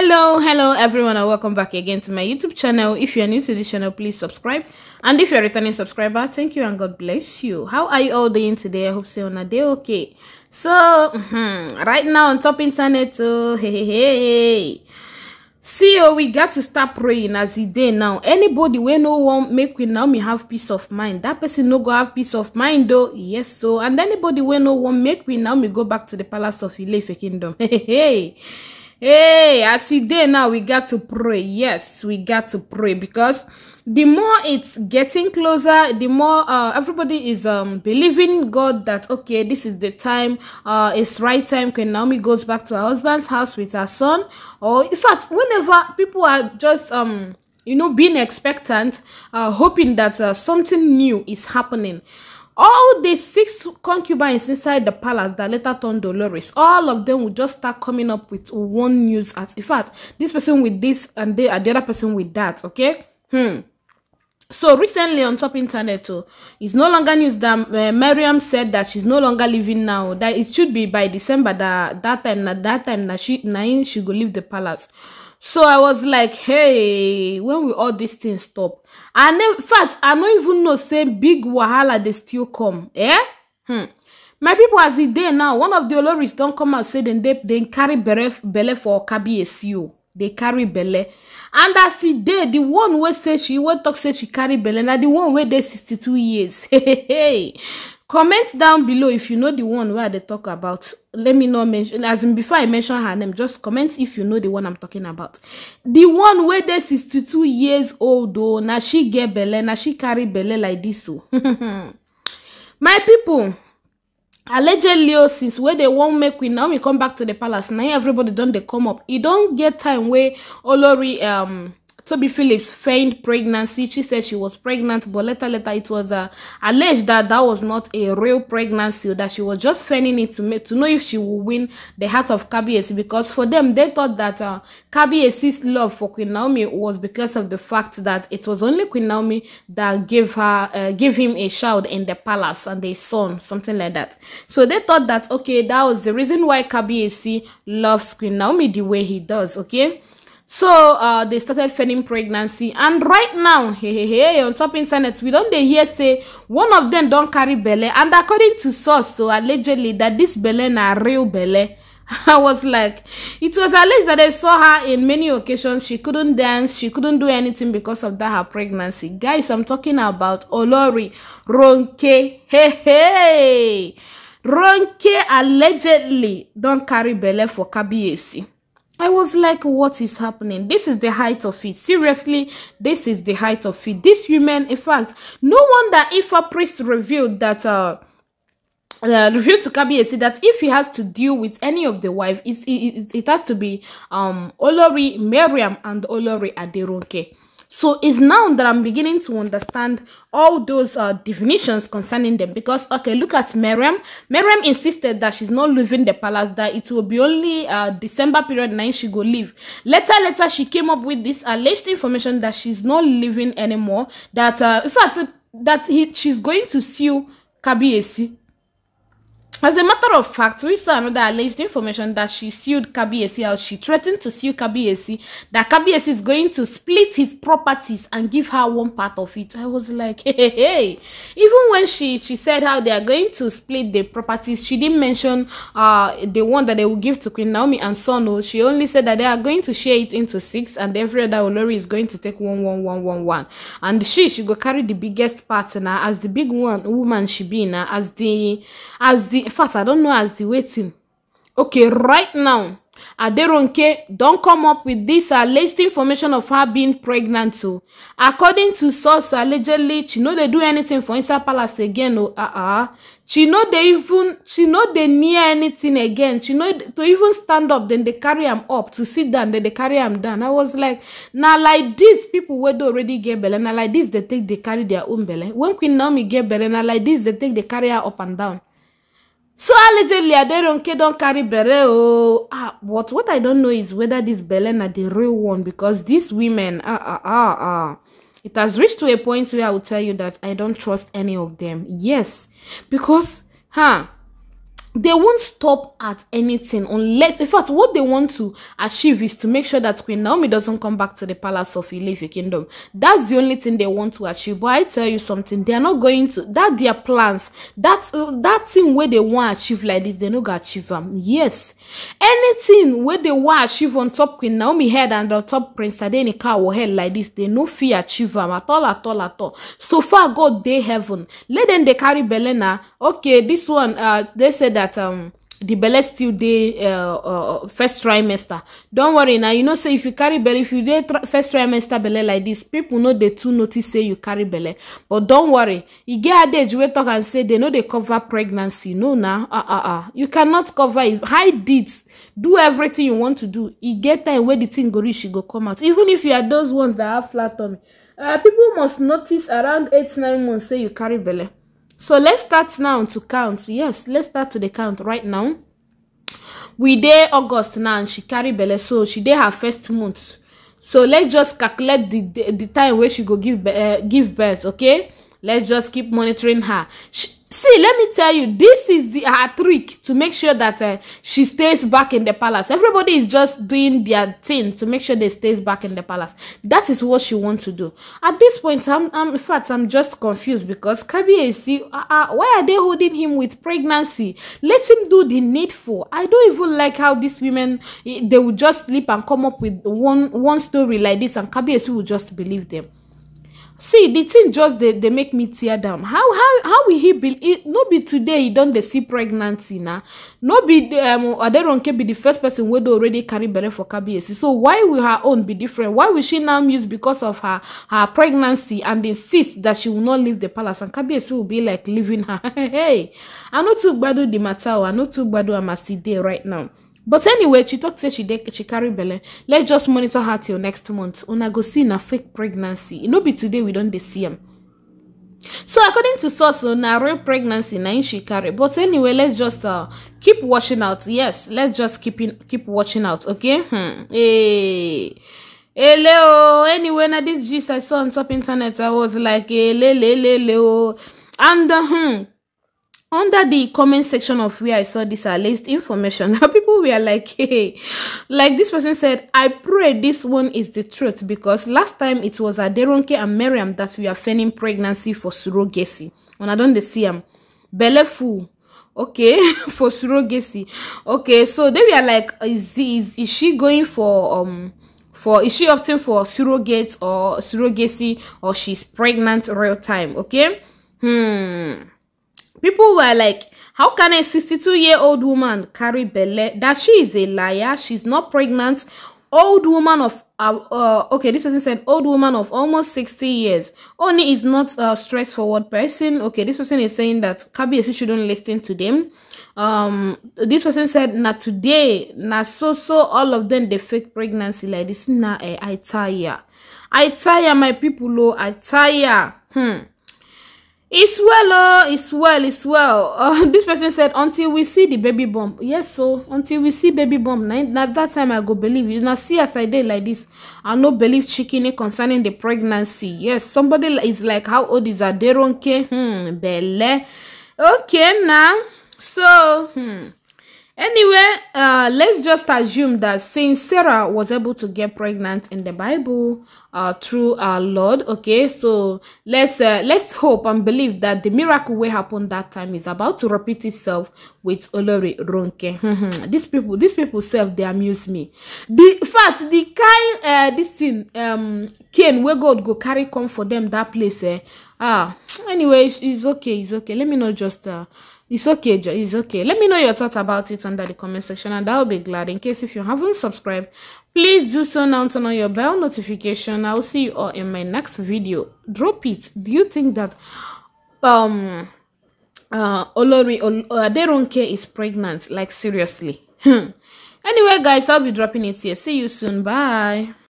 hello hello everyone and welcome back again to my youtube channel if you are new to the channel please subscribe and if you're a returning subscriber thank you and god bless you how are you all doing today i hope so on a day okay so mm-hmm, right now on top internet oh hey hey hey see oh, we got to start praying as a e day now anybody we no one make we now me have peace of mind that person no go have peace of mind though yes so oh. and anybody we no one make we now me go back to the palace of ilefe kingdom hey hey hey as e dey now we got to pray yes we got to pray because the more it's getting closer the more uh, everybody is um, believing god that okay this is the time uh, it's right time when naomi goes back to her husband's house with her son or in fact whenever people are just um you know being expectant uh, hoping that uh, something new is happening all the six concubines inside the palace that later turned Dolores, all of them would just start coming up with one news at in fact, this person with this and they and the other person with that, okay? Hmm. So recently on top internet, too, oh, it's no longer news that uh, Miriam said that she's no longer living now. That it should be by December that that time that that time that she nine, she go leave the palace so i was like hey when will all these things stop and in fact i don't even know say big wahala they still come eh hmm my people, as it day now one of the oloris don't come and say they they carry bele bele for kabi o They carry bele, and as it day, the one wey say she wey talk. say she carry bele, na the one wey dey 62 years hey hey comment down below if you know the one where they talk about let me know mention as in before i mention her name just comment if you know the one i'm talking about the one where they 62 years old though now she get belle now she carry belle like this oh. so my people allegedly oh, since where they won't make queen naomi come back to the palace Now everybody don't they come up You e don't get time where olori um Toby Phillips feigned pregnancy. She said she was pregnant, but later, later it was uh, alleged that that was not a real pregnancy, that she was just feigning it to make, to know if she will win the heart of Kabiesi. Because for them, they thought that uh, Kabiesi's love for Queen Naomi was because of the fact that it was only Queen Naomi that gave her, uh, gave him a child in the palace and a son, something like that. So they thought that okay, that was the reason why Kabiesi loves Queen Naomi the way he does. Okay so uh, they started feigning pregnancy and right now hey, hey, hey, on top internet we don dey hear say one of them don carry belle and according to source so allegedly that this belle na real belle I was like, it was alleged that I saw her in many occasions. She couldn't dance, she couldn't do anything because of that her pregnancy. Guys, I'm talking about Olori Ronke. Hey, hey! Ronke allegedly don carry belle for Kabiyesi. I was like, what is happening? This is the height of it. Seriously, this is the height of it. This women, in fact, no wonder if a priest revealed that uh uh, revealed to Kabiyesi that if he has to deal with any of the wives, it, it, it has to be um Olori Miriam, and Olori Aderonke. So it's now that I'm beginning to understand all those uh, definitions concerning them because, okay, look at Miriam. Miriam insisted that she's not leaving the palace, that it will be only uh, December period 9 she go leave. Later, later, she came up with this alleged information that she's not leaving anymore, that, uh, in fact, that he, she's going to sue Kabiesi As a matter of fact, we saw another alleged information that she sued Kabiesi out. She threatened to sue Kabiesi that Kabiesi is going to split his properties and give her one part of it. I was like, hey, hey, hey. Even when she, she said how they are going to split the properties, she didn't mention uh, the one that they will give to Queen Naomi and Sono. She only said that they are going to share it into six and every other Olori is going to take one, one, one, one, one. And she, she go carry the biggest partner as the big one woman she be now, as the, as the in i don't know as the waiting okay right now Aderonke don come up with this alleged information of her being pregnant o. According to source allegedly, she no dey do anything for inside palace again o. Oh, uh-uh. She no dey even she no dey near anything again. She no to even stand up, then they carry am up. To sit down, then they carry am down. I was like, na like this people wey don already get belle, na like this dey take dey carry their own belle. When Queen Naomi get belle, na like this dey take dey carry her up and down so allegedly aderonke don carry belle oh ah but what i don't know is whether this Belen are the real one because these women ah ah ah ah it has reached to a point where i will tell you that i don't trust any of them. yes because, huh they won't stop at anything unless in fact what they want to achieve is to make sure that queen naomi doesn't come back to the palace of ilefi kingdom that's the only thing they want to achieve but i tell you something they are not going to that their plans that uh, that thing where they want to achieve like this they no go achieve them. yes anything where they want to achieve on top queen naomi head and on top prince adenika or head like this they no fear achieve them at all at all at all so far god dey heaven let them they carry belena okay this one uh they said that that um the belle still dey uh, uh, uh first trimester don worry na you know say if you carry belle if you dey tr first trimester belle like this people no dey too notice say you carry belle but don worry e get adage wey talk am say they no dey cover pregnancy no na ah ah ah you cannot cover it hide it do everything you want to do e get time wey the thing go reach e go come out even if you are those ones that have flat tummy uh, people must notice around eight nine months say you carry belle so let's start now to count yes let's start to the count right now we dey august now and she carry belle so she dey her first month so let's just calculate the the, the time where she go give uh, give birth okay let's just keep monitoring her she, see let me tell you this is the her trick to make sure that uh, she stays back in the palace everybody is just doing their thing to make sure they stays back in the palace that is what she wants to do at this point i'm, I'm in fact i'm just confused because kabiesi uh, uh, why are they holding him with pregnancy let him do the needful i don't even like how these women eh, they will just sleep and come up with one one story like this and kabiesi will just believe them see the thing just dey they make me tear down how how how will he be no be today he don't dey see pregnancy na no be um, can be the first person wey dey already carry belle for kabiyesi so why will her own be different why will she now muse because of her her pregnancy and insist that she will not leave the palace and kabiyesi will be like leaving her hey i no too gbadu the matter o i no too bad am as e dey right now but anyway she tok say she dey she carry belle let's just monitor her till next month una go see na fake pregnancy e no be today we don dey see am so according to source oh, na real pregnancy na im she carry but anyway let's just uh, keep watching out yes let's just keep keep watching out okay hmm Hey. ele o oh, anyway na dis gist i saw on top internet i was like ele le le le o oh. and uh, hmm under the comment section of where I saw this uh, alleged information, people were like, hey, like this person said, I pray this one is the truth because last time it was Aderonke and Miriam that we are feigning pregnancy for surrogacy. When I don't see them, belle fool. Okay, for surrogacy. Okay, so they were like, is, is, is she going for, um, for, is she opting for surrogate or surrogacy or she's pregnant real time? Okay? Hmm people were like how can a 62 year old woman carry belle that she is a liar she's not pregnant old woman of uh, uh, okay this person said old woman of almost 60 years only is not a uh, straightforward person okay this person is saying that kbs shouldn't listen to them um this person said na today na so so all of them dey fake pregnancy like this na eh, i tire i tire my people oh i tire hmm It's well, oh, it's well, it's well. Uh, this person said, until we see the baby bump. Yes, so until we see baby bump, na, na that time I go believe you. Now see as I did like this, I no believe chicken concerning the pregnancy. Yes, somebody is like, how old is Aderonke? Hmm, belle. Okay, now. So, hmm. Anyway, uh, let's just assume that since Sarah was able to get pregnant in the Bible uh, through our Lord, okay, so let's uh, let's hope and believe that the miracle will happen that time is about to repeat itself with Olori Ronke. these people, these people self they amuse me. The fact, the kind, uh, this thing, um, Cain, where God go carry come for them that place, eh? Ah, anyway, it's, it's okay, it's okay. Let me not just uh. It's okay, it's okay. Let me know your thoughts about it under the comment section and I'll be glad. In case if you haven't subscribed, please do so now. Turn on your bell notification. I'll see you all in my next video. Drop it. Do you think that um uh Olori Ol uh, Aderonke is pregnant? Like seriously? Hmm. anyway, guys, I'll be dropping it here. See you soon. Bye.